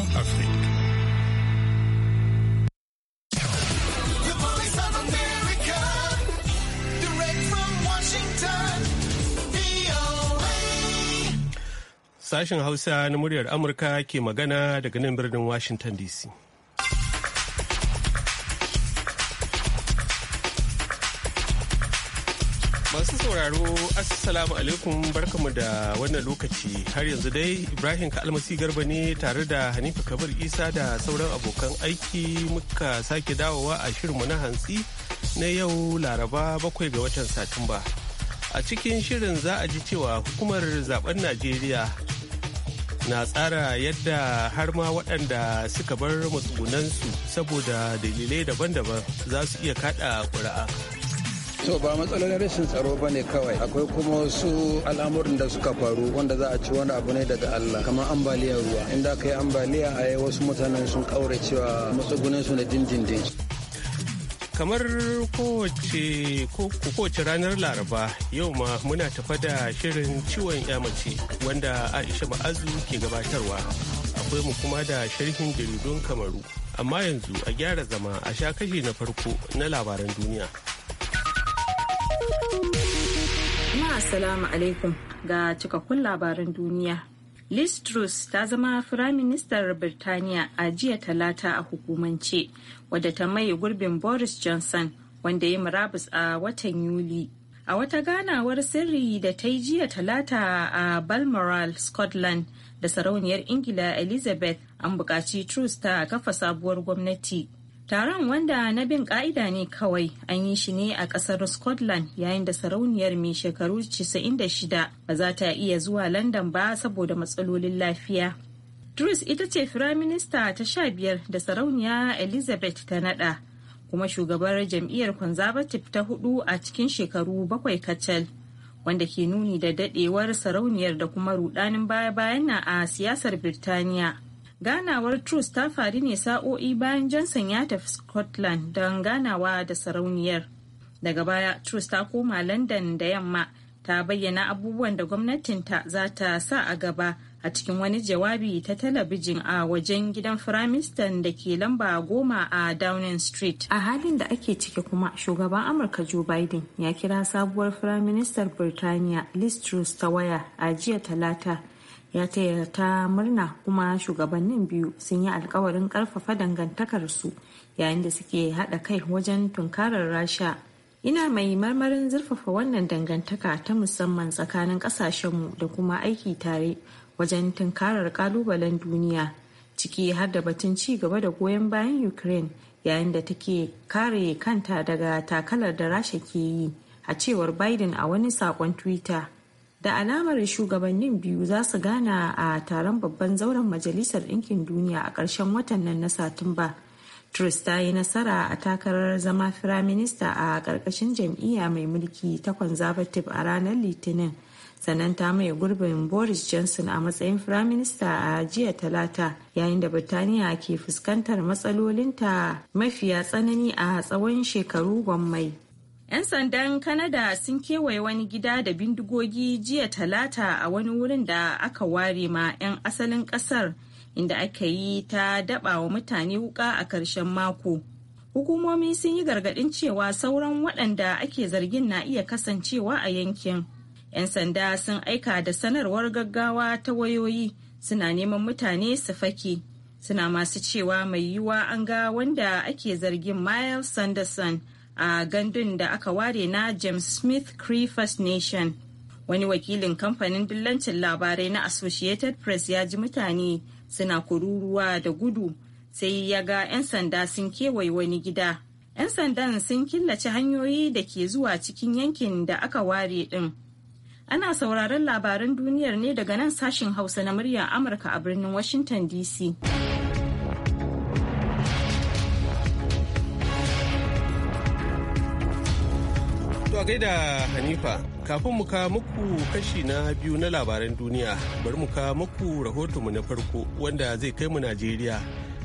VOA Afrique. Sashen Hausa na muryar Amurka ke magana daga nan birnin Washington DC. sauraro assalamu alaikum barkamu da wannan lokaci har yanzu dai ibrahim almasi garba ne tare da hanifa kabir isa da sauran abokan aiki muka sake dawowa a shirinmu na hantsi na yau laraba bakwai ga watan satumba a cikin shirin za a ji cewa hukumar zaben najeriya na tsara yadda har ma waɗanda suka bar matsugunansu saboda dalilai daban-daban za su iya kaɗa ƙuri'a. so ba matsalolin rashin tsaro ba ne kawai akwai kuma wasu al'amurin da suka faru wanda za a ci wani abu ne daga allah kamar ambaliyar ruwa inda aka ambaliya a yi wasu mutanen sun kaure cewa matsugunan su na dindindin kamar kowace kowace ranar laraba yau ma muna tafa da shirin ciwon yamace wanda aisha ma'azu ke gabatarwa akwai mu kuma da sharhin jaridun kamaru amma yanzu a gyara zama a sha kashi na farko na labaran duniya Ma assalamu alaikum ga cikakkun labaran duniya Liz Truss ta zama Firaministar Birtaniya a jiya talata a hukumance, wadda ta mai gurbin Boris Johnson wanda ya murabus a watan Yuli. A wata ganawar sirri da ta yi jiya talata a Balmoral, Scotland, da sarauniyar Ingila Elizabeth an buƙaci Truss ta kafa sabuwar gwamnati. Taron wanda na bin ka'ida ne kawai an yi shi ne a ƙasar Scotland yayin da sarauniyar mai shekaru 96 ba za ta iya zuwa London ba saboda matsalolin lafiya. Truss ita ce firaminista ta sha biyar da sarauniya Elizabeth ta nada kuma shugabar jam'iyyar Conservative ta hudu a cikin shekaru bakwai kacal wanda ke nuni da dadewar sarauniyar da kuma rudanin baya-bayan na a siyasar Birtaniya. ganawar truce ta faru ne sa'o'i bayan johnson ya tafi scotland don ganawa da sarauniyar daga baya truce ta koma london da yamma ta bayyana abubuwan da gwamnatinta za ta sa a gaba a cikin wani jawabi ta talabijin a wajen gidan firaministan da ke lamba goma a downing street a halin da ake ciki kuma shugaban amurka joe biden ya kira sabuwar firaministar birtaniya liz truss ta waya a jiya talata ya taya ta murna kuma shugabannin biyu sun yi alkawarin karfafa dangantakarsu yayin da suke haɗa kai wajen tunkarar rasha ina mai marmarin zurfafa wannan dangantaka ta musamman tsakanin ƙasashenmu da kuma aiki tare wajen tunkarar ƙalubalen duniya ciki har da batun ci gaba da goyon bayan ukraine yayin da take kare kanta daga takalar da rasha ke yi a cewar biden a wani saƙon twitter da alamar shugabannin biyu za su gana a taron babban zauren majalisar ɗinkin duniya a ƙarshen watan nan na satumba truss ta yi nasara a takarar zama firaminista a ƙarƙashin jam'iyya mai mulki ta conservative a ranar litinin sannan ta mai gurbin boris johnson a matsayin firaminista a jiya talata yayin da birtaniya ke fuskantar matsalolinta mafiya tsanani a tsawon shekaru gwammai. 'Yan sandan Kanada sun kewaye wani gida da bindigogi jiya talata a wani wurin da aka ware ma 'yan asalin kasar inda aka yi ta daba wa mutane wuka a karshen mako. Hukumomi sun yi gargaɗin cewa sauran waɗanda ake zargin na iya kasancewa a yankin. 'Yan sanda sun aika da sanarwar gaggawa ta wayoyi suna neman mutane su fake. Suna masu cewa mai yiwuwa an ga wanda ake zargin Miles Sanderson a gandun da aka ware na james smith cree first nation wani wakilin kamfanin dillancin labarai na associated press ya ji mutane suna kururuwa da gudu sai ya ga 'yan sanda sun kewaye wani gida 'yan sandan sun killace hanyoyi da ke zuwa cikin yankin da aka ware ɗin. ana sauraron labaran duniyar ne daga nan sashin hausa na muryar amurka a birnin washington dc a gaida Hanifa, kafin mu ka muku kashi na biyu na labaran duniya, bari mu ka muku rahotonmu na farko wanda zai kai mu Najeriya.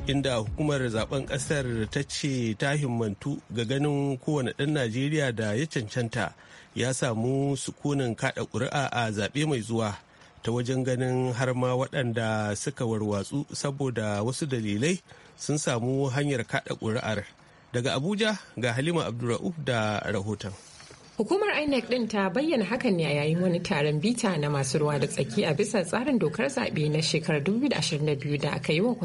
Inda hukumar zaben kasar ta ce ta himmantu ga ganin kowane ɗan Najeriya da ya cancanta ya samu sukunin kaɗa ƙuri'a a zaɓe mai zuwa ta wajen ganin har ma waɗanda suka warwatsu saboda wasu dalilai sun samu hanyar kaɗa ƙuri'ar. Daga Abuja ga Halima Abdulra'uf da rahoton. Hukumar INEC ɗin ta bayyana hakan ne a yayin wani taron bita na masu ruwa da tsaki a bisa tsarin dokar zaɓe na shekarar 2022 da aka yi wa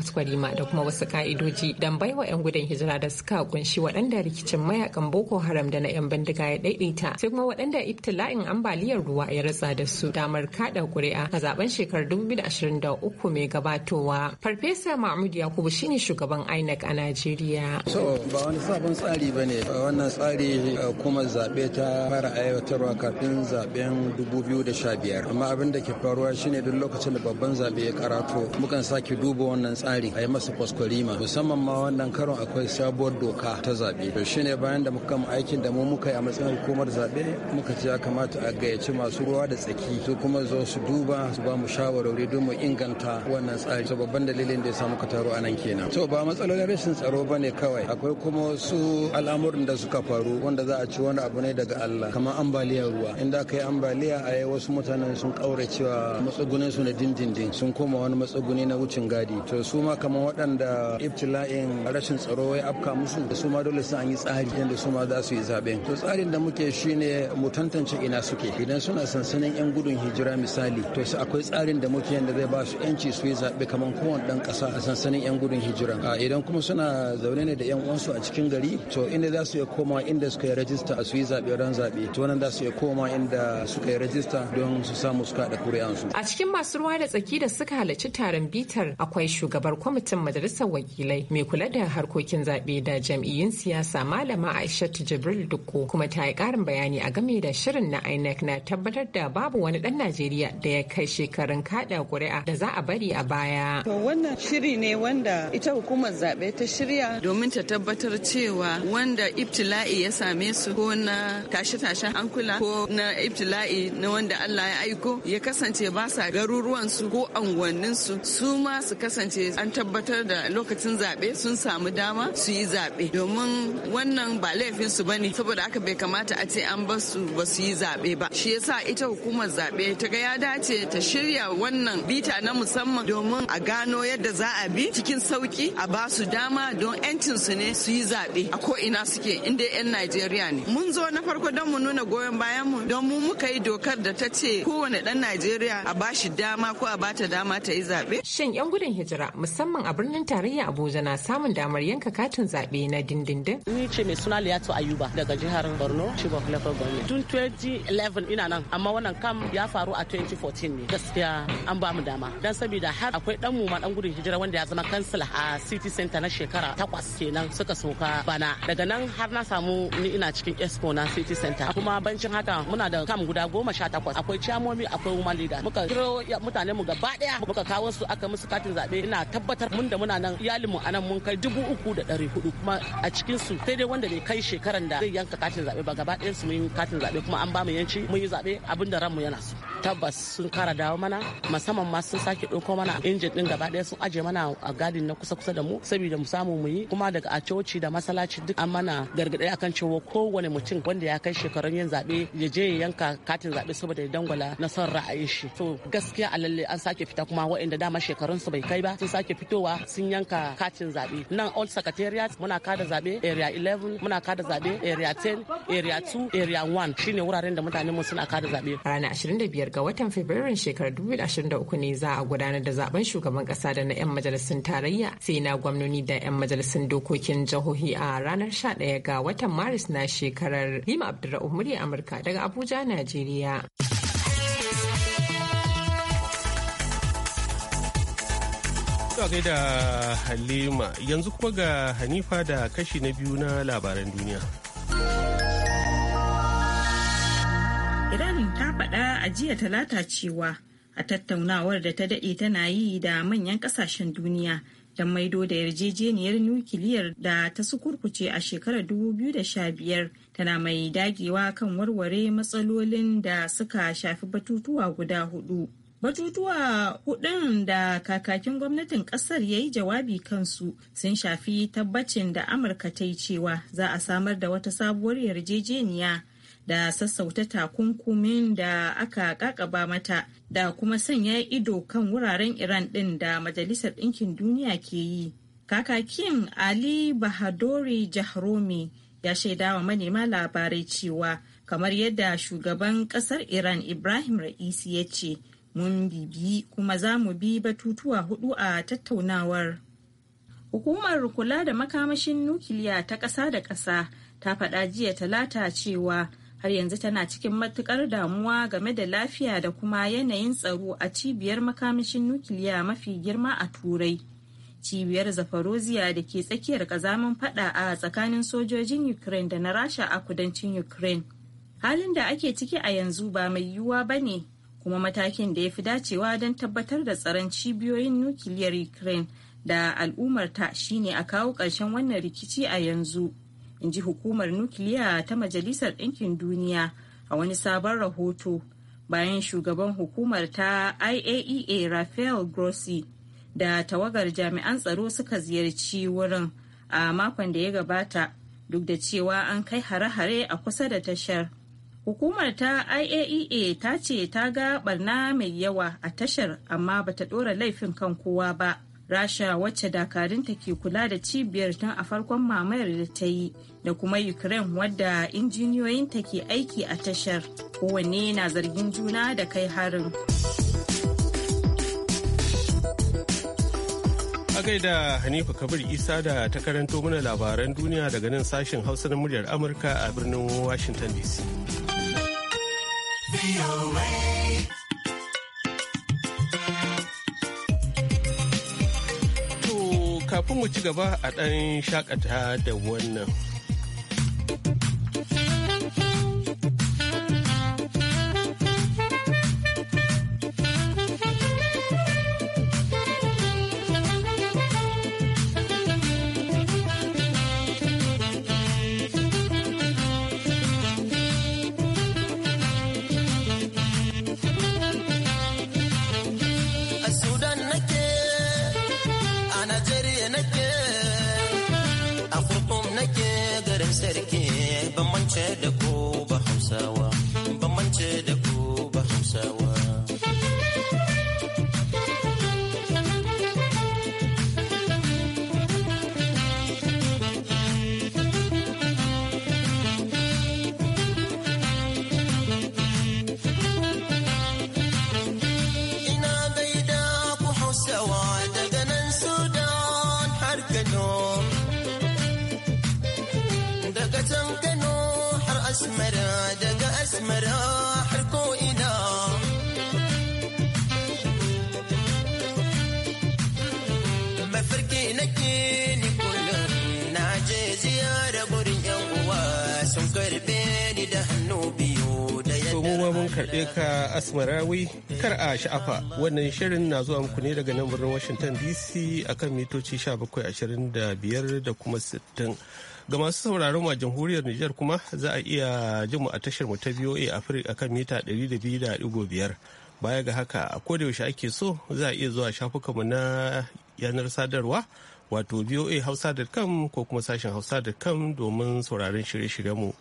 ma da kuma wasu ka'idoji don baiwa 'yan gudun hijira da suka kunshi waɗanda rikicin mayakan Boko Haram da na 'yan bindiga ya daidaita sai kuma waɗanda ibtila'in ambaliyar ruwa ya ratsa da su damar kaɗa ƙuri'a a zaben shekarar 2023 mai gabatowa. Farfesa Mahmud Yakubu shine shugaban INEC a Najeriya. So ba wani sabon tsari ba ne wannan tsari eh, kuma zaɓe ta fara aiwatarwa kafin zaben 2015 amma abin da ke faruwa shine duk lokacin da babban zabe ya karato mukan sake duba wannan tsari a yi masa kwaskwarima musamman ma wannan karon akwai sabuwar doka ta zabe to shine bayan da muka aikin da mu muka yi a matsayin hukumar zabe muka ce ya kamata a gayyaci masu ruwa da tsaki su kuma zo su duba su ba mu shawarwari don mu inganta wannan tsari to babban dalilin da ya samu ka taro nan kenan to ba matsalolin rashin tsaro bane kawai akwai kuma wasu al'amuran da suka faru wanda za a ci wani abu ne daga Allah kamar ambaliyar ruwa inda aka yi ambaliya a yi wasu mutanen sun kaura cewa matsugunin su na dindindin sun koma wani matsuguni na wucin gadi to su ma kamar waɗanda ibtila'in rashin tsaro ya afka musu su ma dole sun an yi tsari yadda su ma za su yi zaɓen to tsarin da muke shine mu tantance ina suke idan suna sansanin yan gudun hijira misali to su akwai tsarin da muke yadda zai ba su yanci su yi zaɓe kamar kowane ɗan ƙasa a sansanin yan gudun hijira idan kuma suna zaune ne da yan uwansu a cikin gari to inda za su iya koma inda suka yi rajista a su yi zaɓe zaɓe to nan za su iya koma inda suka yi rajista don su samu su kaɗa kuri'ansu. A cikin masu ruwa da tsaki da suka halarci taron bitar akwai shugabar kwamitin majalisar wakilai mai kula da harkokin zaɓe da jam'iyyun siyasa malama Aishatu Jibril Dukko kuma ta yi ƙarin bayani a game da shirin na INEC na tabbatar da babu wani ɗan Najeriya da ya kai shekarun kaɗa kuri'a da za a bari a baya. To wannan shiri ne wanda ita hukumar zaɓe ta shirya domin ta tabbatar cewa wanda ibtila'i ya same su ko na tashi tashe-tashen hankula ko na ibtila'i na wanda Allah ya aiko ya kasance ba sa garuruwansu ko anguwanninsu su ma su kasance an tabbatar da lokacin zaɓe sun samu dama su yi zaɓe domin wannan ba laifinsu ba ne saboda aka bai kamata a ce an su ba su yi zaɓe ba shi yasa ita hukumar zaɓe ta ga ya dace ta shirya wannan bita na musamman domin a gano yadda za a bi cikin sauki a ba su dama don 'yancinsu ne su yi zaɓe a ko ina suke inda 'yan Najeriya ne mun zo na farko don mu nuna goyon bayan mu don mu muka yi dokar da ta ce kowane dan Najeriya a bashi dama ko a bata dama ta yi zaɓe. Shin 'yan gudun hijira musamman a birnin tarayya Abuja na samun damar yanka katin zaɓe na dindindin? Ni ce mai suna Liyato Ayuba daga jihar Borno, of Local Government. Tun 2011 ina nan amma wannan kam ya faru a 2014 ne. Gaskiya an ba mu dama. Dan saboda har akwai dan mu ma dan gudun hijira wanda ya zama kansila a City Center na shekara takwas kenan suka soka bana. Daga nan har na samu ni ina cikin Expo na City Center. center kuma bancin haka muna da kam guda goma sha takwas akwai chamomi akwai woman leader muka kiro mutane mu gaba daya muka kawo su aka musu katin zabe ina tabbatar mun da muna nan iyalinmu a nan mun kai dubu uku da ɗari hudu kuma a cikin su sai dai wanda bai kai shekaran da zai yanka katin zabe ba gaba ɗayan su mun yi katin zabe kuma an ba mu yanci mun yi zabe abinda ranmu yana so tabbas sun kara dawo mana musamman ma sun sake ɗauko mana injin ɗin gaba ɗaya sun aje mana a gadin na kusa kusa da mu saboda mu samu mu yi kuma daga a coci da masalaci duk an mana gargaɗi akan cewa kowane mutum wanda ya kai shekarun yin zaɓe ya je ya yanka katin zaɓe saboda ya dangwala na son ra'ayin shi to gaskiya a lalle an sake fita kuma waɗanda dama shekarun su bai kai ba sun sake fitowa sun yanka katin zaɓe nan all secretariat muna kada zaɓe area 11 muna kada zaɓe area 10 area 2 area 1 shine wuraren da mutane mu suna kada zaɓe ranar 25 ga watan Fabrairun shekarar 2023 ne za a gudanar da zaben shugaban kasa da na 'yan majalisun tarayya sai na gwamnoni da 'yan majalisun dokokin jihohi a ranar 11 ga watan Maris na shekarar Lima Abdulra'u murya Amurka daga Abuja, Najeriya. Zuwa da Halima yanzu kuma ga Hanifa da kashi na biyu na labaran duniya. Iran ta faɗa jiya talata cewa a tattaunawar da ta daɗe tana yi da manyan ƙasashen duniya don maido da yarjejeniyar nukiliyar da ta sukurkuce a shekarar 2015 tana mai dagewa kan warware matsalolin da suka shafi batutuwa guda hudu. Batutuwa hudun da kakakin gwamnatin kasar ya yi jawabi kansu sun shafi tabbacin da Amurka ta yi cewa za a samar da wata sabuwar yarjejeniya da sassauta takunkumin da aka kakaba mata da kuma sanya ido kan wuraren iran din da majalisar ɗinkin duniya ke yi kakakin ali bahadori jahromi ya shaida wa manema labarai cewa kamar yadda shugaban kasar iran ibrahim ra'isi ya ce mun bibi kuma za mu bi batutuwa hudu a tattaunawar hukumar kula da makamashin nukiliya ta ƙasa da ƙasa ta faɗa jiya talata cewa har yanzu tana cikin matukar damuwa game da lafiya da kuma yanayin tsaro a cibiyar makamashin nukiliya mafi girma a turai cibiyar zafaroziya da ke tsakiyar kazamin fada a tsakanin sojojin ukraine da na rasha a kudancin ukraine halin da ake ciki a yanzu ba mai yiwuwa ba ne kuma matakin da ya fi dacewa don tabbatar da tsaron cibiyoyin nukiliyar ukraine da al'ummarta shine a kawo ƙarshen wannan rikici a yanzu in ji hukumar nukiliya ta majalisar ɗinkin duniya a wani sabon rahoto bayan shugaban hukumar ta iaea e rafael grossi da tawagar jami'an tsaro suka ziyarci wurin a makon da ya gabata duk da cewa an kai hare-hare a kusa da tashar hukumar ta iaea e ta ce ta ga barna mai yawa a tashar amma bata ɗora laifin kan kowa ba rasha wacce dakarunta ke kula da cibiyar tun a farkon mamayar da ta yi da kuma ukraine wadda injiniyoyin ke aiki a tashar kowanne na zargin juna da kai harin a gaida hanifa kabir isa da ta karanto mana labaran duniya daga nan sashen hausa na muryar amurka a birnin washington dc kafin mu ci gaba a ɗan shakata da wannan. gargaɗe ka asmarawi kar a sha'afa wannan shirin na zuwa muku ne daga nan birnin washington dc akan mitoci 1725 da kuma 60 ga masu sauraron a jamhuriyar niger kuma za a iya jin mu a tashar mu ta voa a akan mita 200.5 baya ga haka a kodayaushe ake so za a iya zuwa shafukanmu na yanar sadarwa wato voa hausa.com ko kuma sashen hausa.com domin sauraron shirye-shiryenmu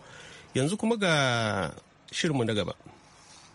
yanzu kuma ga shirinmu na gaba.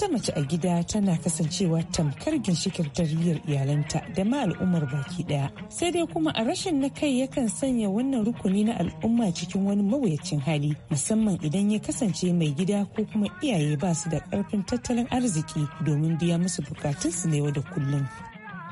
wata mace a gida tana kasancewa tamkar ginshikin tarbiyyar iyalanta da ma al'ummar baki daya sai dai kuma a rashin na kai yakan sanya wannan rukuni na al'umma cikin wani mawuyacin hali musamman idan ya kasance mai gida ko kuma iyaye ba su da karfin tattalin arziki domin biya musu bukatunsu na yau da kullum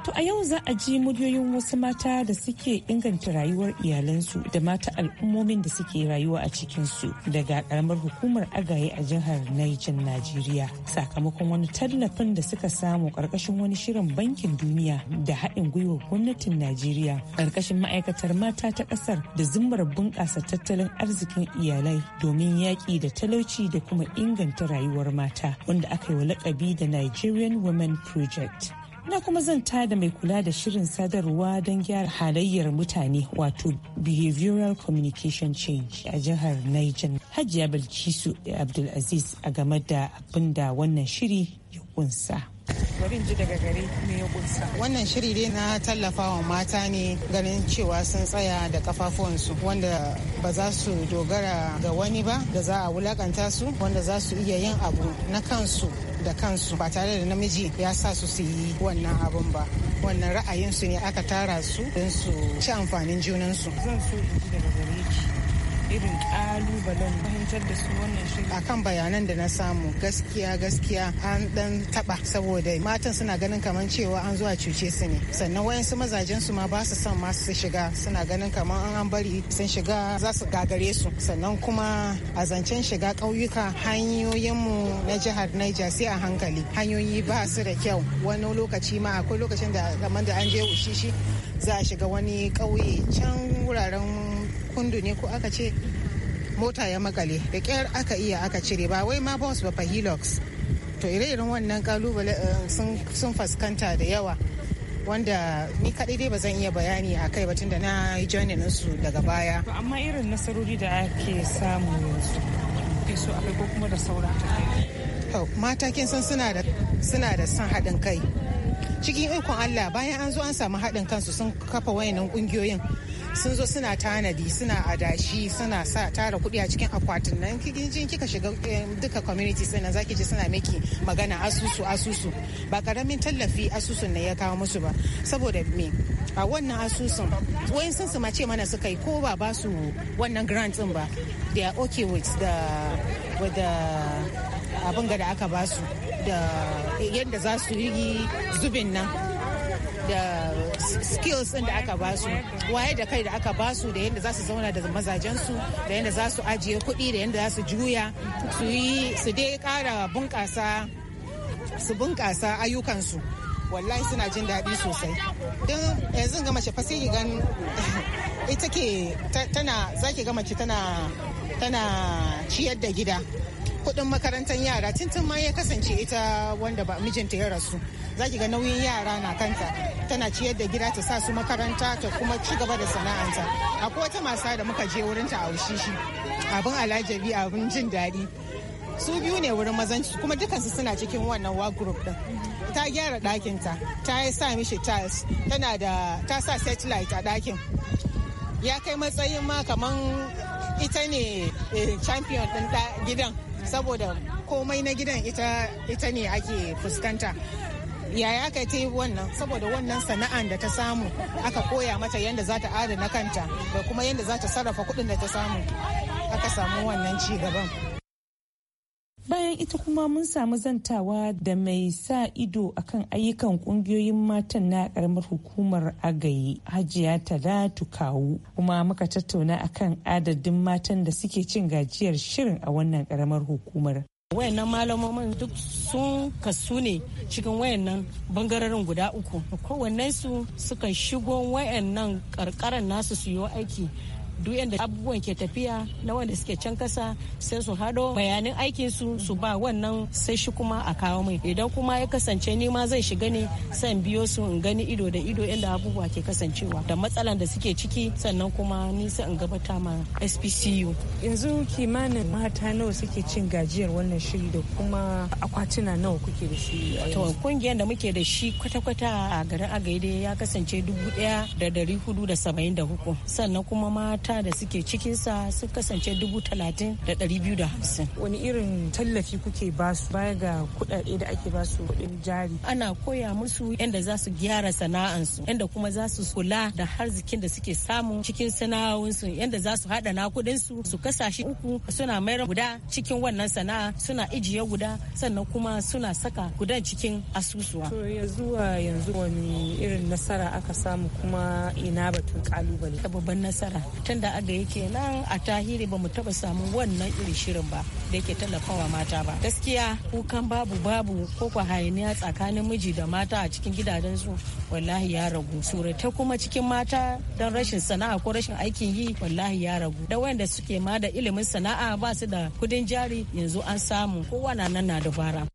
To a yau za a ji muryoyin wasu mata da suke inganta rayuwar iyalansu da mata al'ummomin da suke rayuwa a cikinsu daga karamar hukumar agaye a jihar Niger Najeriya sakamakon wani tallafin da suka samu karkashin wani shirin bankin duniya da haɗin gwiwar gwamnatin Najeriya karkashin ma'aikatar mata ta ƙasar da zimmar bunƙasa tattalin arzikin iyalai domin yaƙi da talauci da kuma inganta rayuwar mata wanda aka yi wa lakabi da Nigerian Women Project. na kuma zan tada mai kula da shirin sadarwa don gyara halayyar mutane wato behavioral communication change a jihar niger hajiya bilkisu abdulaziz a game da abin da wannan shiri ya kunsa daga wannan shiri dai na tallafa wa mata ne ganin cewa sun tsaya da kafafuwansu wanda ba za su dogara ga wani ba da za a wulakanta su wanda za su iya yin abu na kansu da kansu ba tare da namiji ya sa su su yi wannan abun ba wannan ra'ayinsu ne aka tara su don su ci amfanin junansu zan so in daga gare irin kalubalen fahimtar da su wannan shirin akan bayanan da na samu gaskiya gaskiya an dan taba saboda matan suna ganin kamar cewa an zuwa cuce su ne sannan wayansu mazajen su ma ba su son ma su shiga suna ganin kamar an bari sun shiga za su gagare su sannan kuma a zancen shiga ƙauyuka hanyoyinmu na jihar Niger sai a hankali hanyoyi ba su da kyau wani lokaci ma akwai lokacin da kamar da an je ushishi za a shiga wani ƙauye can wuraren kundu ne ko aka ce mota ya makale da kyar aka iya aka cire ba wai ma bus ba hilux to ire-iren wannan kalubale eh, sun fuskanta da yawa wanda ni kaɗai dai ba zan iya bayani a kai batun da na yi jani su daga baya. amma irin nasarori da ake samu yanzu ke ko kuma da saura ta mata kin san suna da san haɗin kai cikin ikon Allah bayan an zo an samu haɗin kansu sun kafa wayannan ƙungiyoyin sun zo suna tanadi suna adashi suna sa tara kuɗi a cikin akwatin nan jin kika shiga eh, duka community nan zaki ji suna miki magana asusu asusu ba karamin tallafi asusun ne ya kawo musu ba saboda me a wannan asusun wayan sun su mace mana suka yi ko ba ba su wannan grant din ba they are okay with the with the abin da aka ba su da yadda za su yi zubin nan da skills da aka ba su waye da kai da aka ba su da yadda za su zauna da mazajensu da yadda za su ajiye kuɗi da yadda za su juya su yi su dai ƙara bunƙasa su bunƙasa ayyukansu wallahi suna jin daɗi sosai don yanzu ga mace fasihi gan ita ke tana zaki ga mace tana tana ciyar da gida kuɗin makarantar yara tuntun ma ya kasance ita wanda ba mijinta ya rasu zaki ga nauyin yara na kanta tana ciyar da gida ta sa su makaranta ta kuma ci gaba da sana'anta akwai wata masa da muka je wurin ta a shi abin alajabi abin jin daɗi su biyu ne wurin mazan kuma dukansu suna cikin wannan wa group din ta gyara ɗakin ta yi sa mishi tiles tana da ta sa satellite a ɗakin ya kai matsayin ma kaman ita ne eh, champion ɗin gidan saboda komai na gidan ita ne ake fuskanta yaya aka ta yi wannan saboda wannan sana'an da ta samu aka koya mata yadda za ta adana kanta da kuma yadda za ta sarrafa kuɗin da ta samu aka samu wannan ci gaban bayan ita kuma mun samu zantawa da mai sa ido akan ayyukan kungiyoyin matan na karamar hukumar agayi hajiya talatu kawu kuma muka tattauna akan adadin matan da suke cin gajiyar shirin a wannan karamar hukumar wayannan malamomin duk sun kasu ne cikin wayannan bangarorin guda uku kowannen su sukan shigo wayannan karkaran nasu su yi aiki duk yadda abubuwan ke tafiya na wanda suke can kasa sai su hado bayanin aikin su su ba wannan sai shi kuma a kawo mai idan kuma ya kasance ni ma zai shiga ne san biyo su in gani ido da ido yadda abubuwa ke kasancewa da matsalan da suke ciki sannan kuma ni sai in gabata ma SPCU yanzu kimanin mata nawa suke cin gajiyar wannan shiri da kuma akwatuna nawa kuke da shi to kungiyar da muke da shi kwata-kwata a garin agaide ya kasance dubu daya da dari hudu da saba'in da sannan kuma mata mata da suke cikinsa sun kasance dubu talatin da ɗari biyu da hamsin. Wani irin tallafi kuke su baya ga kuɗaɗe da ake basu kuɗin jari? Ana koya musu yadda za su gyara sana'ansu, yadda kuma za su kula da harzikin da suke samu cikin sana'o'insu, yadda za su haɗa nakudinsu su kasashe uku suna mayar guda cikin wannan sana'a suna ijiye guda sannan kuma suna saka gudan cikin asusuwa. To ya zuwa yanzu wani irin nasara aka samu kuma ina batun kalubale. Babban nasara. da aga yake nan a tahiri ba mu taba samu wannan irin shirin ba da yake tallafawa mata ba gaskiya kukan babu babu ko kwa hayaniya tsakanin miji da mata a cikin gidajen su wallahi ya ragu surata kuma cikin mata don rashin sana'a ko rashin aikin yi wallahi ya ragu da wanda suke ma da ilimin sana'a ba su da kudin jari yanzu an samu kowa na nan na dabara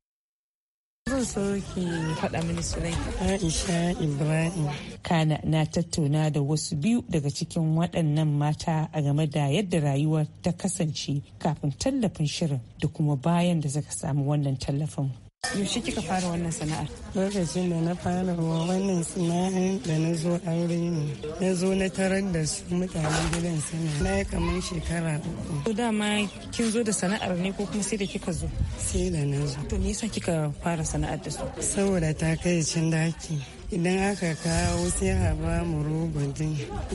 Zan so ki faɗa mini sunan Aisha Ibrahim. Kana na tattauna da wasu biyu daga cikin waɗannan mata a game da yadda rayuwar ta kasance kafin tallafin shirin da kuma bayan da suka samu wannan tallafin. Yaushe kika fara wannan sana'ar? Lokacin da na fara wa wannan sana'ar da na zo aure ne. Na zo na tarar da su mutanen gidan sana Na yi kamar shekara uku. To dama kin zo da sana'ar ne ko kuma sai da kika zo? Sai da na zo. To me yasa kika fara sana'ar da su? Saboda ta kai cin daki. idan aka kawo sai a ba mu rogo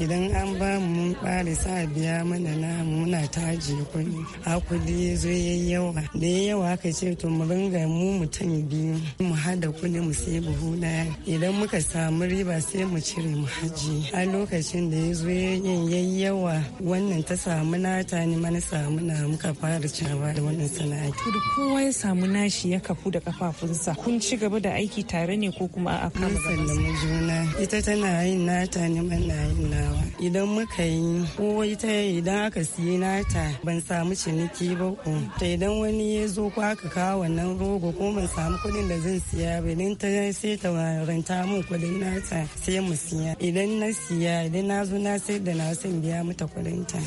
idan an ba mu mun bare sa biya mana na muna taji kuɗi a kuɗi ya zo ya yi yawa da ya yawa aka ce to mu ringa mu mutum biyu mu hada kuɗi mu sai buhu ɗaya idan muka samu riba sai mu cire mu haji a lokacin da ya zo yin yawa, wannan ta samu nata ne mana samu na muka fara cewa da wannan sana'a. Kudu kowa ya samu nashi ya kafu da kafafunsa kun ci gaba da aiki tare ne ko kuma a kama da juna ita tana yin nata ne ban na yin nawa idan muka yi kowai ita idan aka siye nata ban samu ciniki ba ko ta idan wani ya zo ko aka kawo wannan rogo ko ban samu kuɗin da zan siya ba idan ta sai ta ranta min kuɗin nata sai mu siya idan na siya idan na zo na sai da na san biya mata kudin ta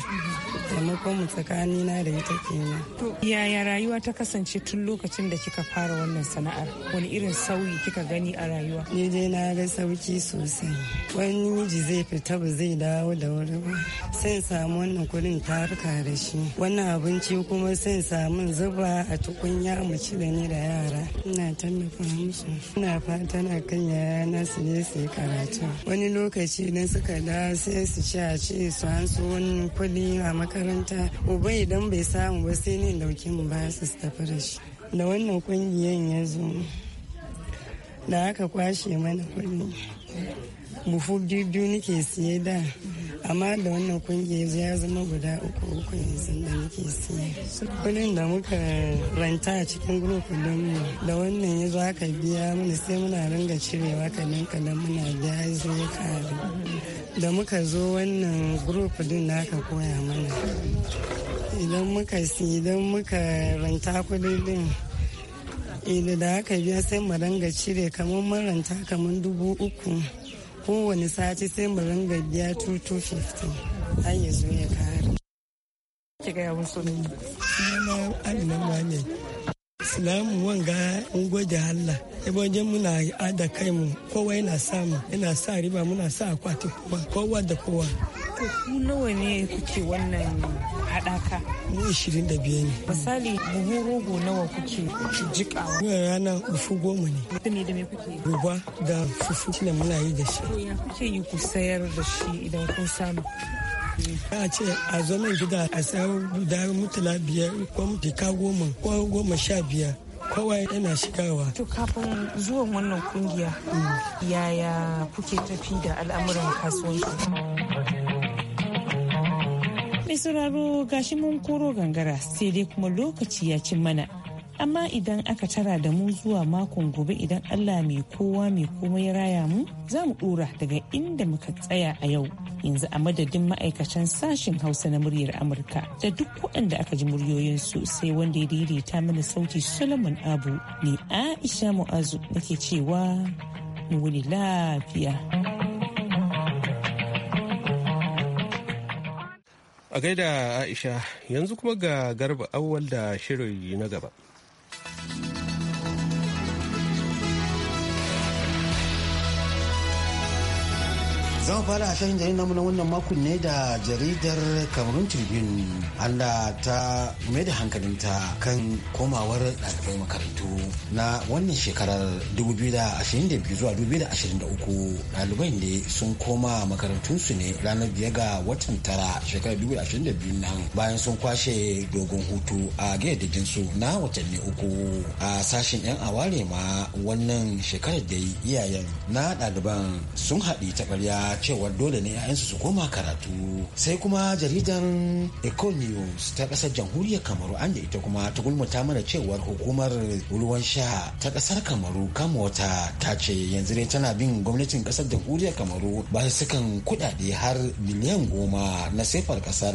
taimakon mu tsakani na da ita kenan. To yaya rayuwa ta kasance tun lokacin da kika fara wannan sana'ar wani irin sauyi kika gani a rayuwa? Ni dai na ga sauki sosai wani miji zai fita ba zai dawo da wuri ba sai samu wannan kudin taruka da shi Wani abinci kuma sai samu zuba a tukunya mu ci da ni da yara ina tallafa musu ina fatan kan yaya na su ne su yi karatu wani lokaci ne suka da sai su ci a ci su an wani kudi a makaranta uba idan bai samu ba sai ne dauki mu ba su tafi da shi da wannan kungiyan ya zo da aka kwashe mana kuɗi mufu biyu nake siye da amma da wannan kungiya ya zama guda uku uku yanzu da nike siye kudin da muka ranta a cikin gurufin mu da wannan ya aka biya mana sai muna ringa cirewa kadan kadan muna biya yanzu zo ya kare da muka zo wannan gurufin din da aka koya mana idan muka siye idan muka ranta kudin din ilu da aka biya sai mu ranga cire kamar maranta kamar dubu uku kowane sati sai mu ranga biya 2250 an ya zo ya kare. Ki gaya islamu wanga mun gode Allah wajen muna ada kai mu kowa yana samu yana sa riba muna sa akwati kuma kowa da kowa ku nawa ne kuke wannan haɗaka mu 25 ne misali buhu rogo nawa kuke jikawa rana bufu goma ne da me da me kuke ruba da fufu ne muna yi da shi ya kuke yi ku sayar da shi idan kun samu kuɗi. A ce a zo nan gida a sayo da mutala biyar ko jika goma ko goma sha biyar. kowa yana shigawa. To kafin zuwan wannan kungiya yaya kuke tafi da al'amuran kasuwanci? mai sauraro gashi mun koro gangara sai dai kuma lokaci ya ci mana amma idan aka tara da mu zuwa makon gobe idan Allah mai kowa mai komai raya mu za mu dora daga inda muka tsaya a yau yanzu a madadin ma'aikatan sashen hausa na muryar amurka da duk waɗanda aka ji muryoyinsu sai wanda ya daidaita mana sauti solomon abu ne aisha mu'azu nake cewa mu lafiya a gaida aisha yanzu kuma ga garba awwal da shirin na gaba zan fara fara shashin jaridar namu na wannan makon ne da jaridar cameroon tribune anda ta mai da hankalinta kan komawar ɗalibai makarantu na wannan shekarar 2022 zuwa 2023 ɗalibai ne sun koma makarantunsu ne ranar biya ga watan tara shekarar 2022 nan bayan sun kwashe dogon hutu a su na watanni uku a sashen yan aware ma wannan shekarar da iyayen na ɗaliban sun haɗi ta ɓarya cewa dole ne 'ya'yansu su koma karatu sai kuma jaridar Econ News ta kasar jamhuriyar Kamaru an ita kuma ta mana cewar hukumar ruwan sha ta kasar Kamaru Kamwata ta ce yanzu dai tana bin gwamnatin kasar jamhuriyar Kamaru ba sukan kudade har miliyan goma na sefar kasar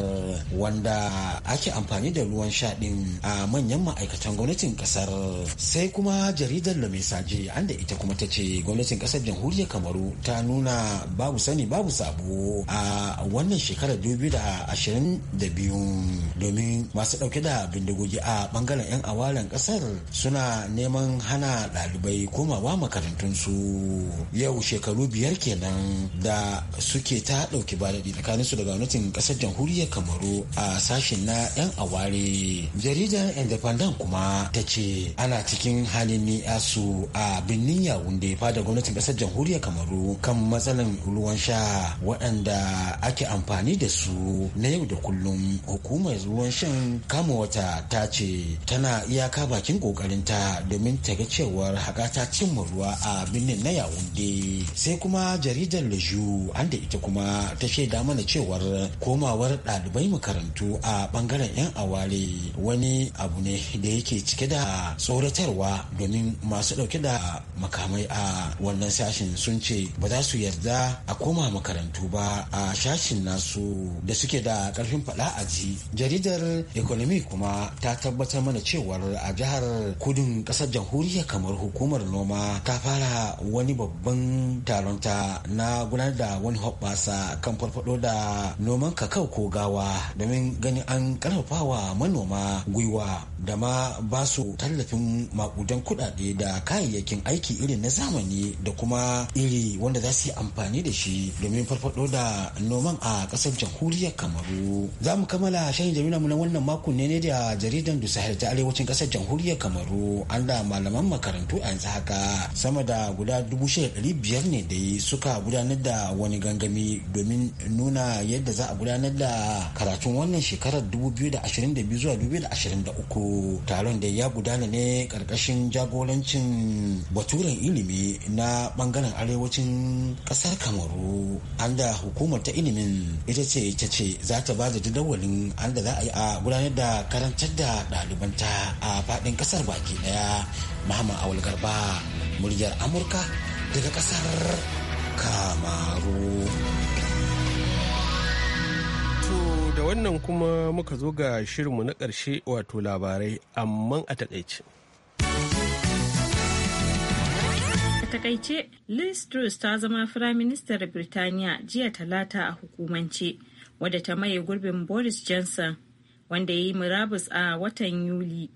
wanda ake amfani da ruwan sha din a manyan ma'aikatan gwamnatin kasar sai kuma jaridar Lamisaje an da ita kuma ta ce gwamnatin kasar jamhuriyar Kamaru ta nuna babu sani babu sabo a wannan shekarar ashirin biyu domin masu dauke da bindigogi a bangaren 'yan awalen kasar suna neman hana ɗalibai komawa makarantunsu yau shekaru biyar kenan da suke ta ɗauki baladi tsakaninsu daga gwamnatin kasar jamhuriyar kamaru a sashen na 'yan aware jaridar independent kuma ta ce ana cikin halin ni'asu a birnin yawun da ya fada gwamnatin kasar jamhuriyar kamaru kan matsalan ruwan sha waɗanda ake amfani da su na yau da kullum hukumar ruwan shan kama wata ta ce tana iyaka bakin ta domin ta ga cewar haƙa ta cimma ruwa a birnin na yawunde sai kuma jaridar leju an da ita kuma ta shaida mana cewar komawar ɗalibai makarantu a ɓangaren 'yan aware wani abu ne da yake cike da tsoratarwa domin masu ɗauke da makamai a wannan sashen sun ce ba za su yarda a koma makarantu ba a shashin nasu da suke da karfin fada a ji jaridar economy kuma ta tabbatar mana cewar a jihar kudin kasar jamhuriya kamar hukumar noma ta fara wani babban taron ta na gudanar da wani hoɓɓasa kan farfado da noman kakau ko gawa domin ganin an karfafawa manoma gwiwa da ma ba su tallafin makudan kuɗaɗe da kayayyakin aiki iri na zamani da kuma iri wanda za su yi amfani da shi domin farfado da noman a kasar jamhuriyar kamaru za mu kammala shayin jarida mu na wannan makon ne ne da jaridan du ta arewacin kasar jamhuriyar kamaru an da malaman makarantu a yanzu haka sama da guda dubu biyar ne da suka gudanar da wani gangami domin nuna yadda za a gudanar da karatun wannan shekarar dubu biyu da da ashirin biyu zuwa uku taron da ya gudana ne karkashin jagorancin baturen ilimi na bangaren arewacin kasar kamaru an da hukumar ta ilimin ita ce ta ce za ta ba da jadawalin an da za a yi a gudanar da karantar da ɗalibanta a faɗin ƙasar baki ɗaya mahama Awul Garba muryar Amurka daga ƙasar Kamaru. To da wannan kuma muka zo ga shirinmu na ƙarshe wato labarai amma a taƙaice. takaice, Liz Truss ta zama Firaministar Birtaniya jiya talata a hukumance, wadda ta maye gurbin Boris Johnson, wanda ya yi murabus a watan Yuli.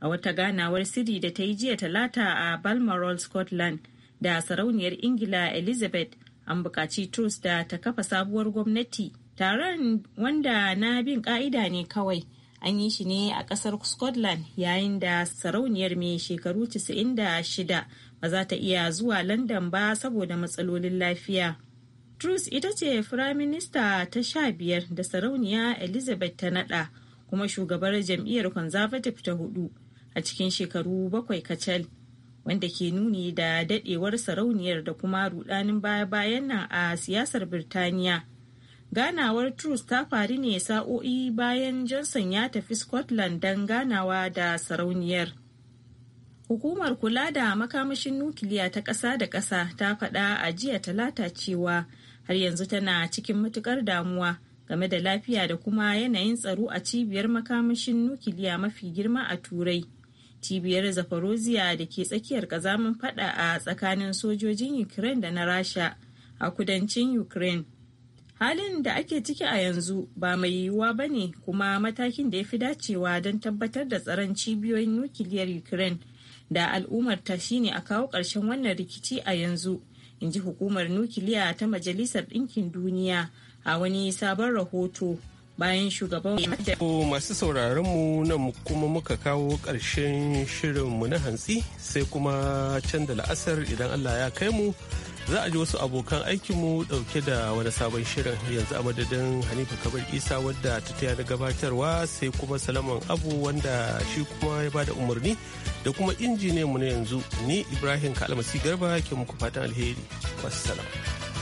A wata ganawar sirri da ta yi jiya talata a Balmoral, Scotland, da sarauniyar Ingila Elizabeth, an bukaci Truss da ta kafa sabuwar gwamnati. Taron wanda na bin ƙa'ida ne kawai. an yi shi ne a kasar scotland yayin da sarauniyar mai shekaru 96 ba za ta iya zuwa london ba saboda matsalolin lafiya truss ita ce firaminista ta sha biyar da sarauniya elizabeth ta nada kuma shugabar jam'iyyar conservative ta hudu a cikin shekaru bakwai kacal wanda ke nuni da dadewar sarauniyar da kuma rudanin baya-bayan nan a siyasar birtaniya ganawar truss ta faru ne sa'o'i bayan johnson ya tafi scotland don ganawa da sarauniyar Hukumar kula da makamashin nukiliya ta ƙasa da ƙasa ta faɗa a jiya talata cewa har yanzu tana cikin matukar damuwa game da lafiya da kuma yanayin tsaro a cibiyar makamashin nukiliya mafi girma a turai cibiyar zaporozhia da ke tsakiyar kazamin faɗa a tsakanin sojojin ukraine da na rasha a kudancin ukraine halin da ake ciki a yanzu ba mai yiwuwa ba ne kuma matakin da ya fi dacewa don tabbatar da tsaron cibiyoyin nukiliyar ukraine da al'ummarta shine a kawo ƙarshen wannan rikici a yanzu in ji hukumar nukiliya ta majalisar ɗinkin duniya a wani sabon rahoto bayan shugaban masu sauraron mu nan kuma muka kawo ƙarshen shirinmu na hantsi sai kuma can da la'asar idan allah ya kai mu za a ji wasu abokan aikinmu dauke da wani sabon shirin yanzu a madadin hanifa kabar isa wadda ta taya da gabatarwa sai kuma salaman abu wanda shi kuma ya bada umarni da kuma injiniyanmu na yanzu ni ibrahim kalmasi garba ke muku fatan alheri salama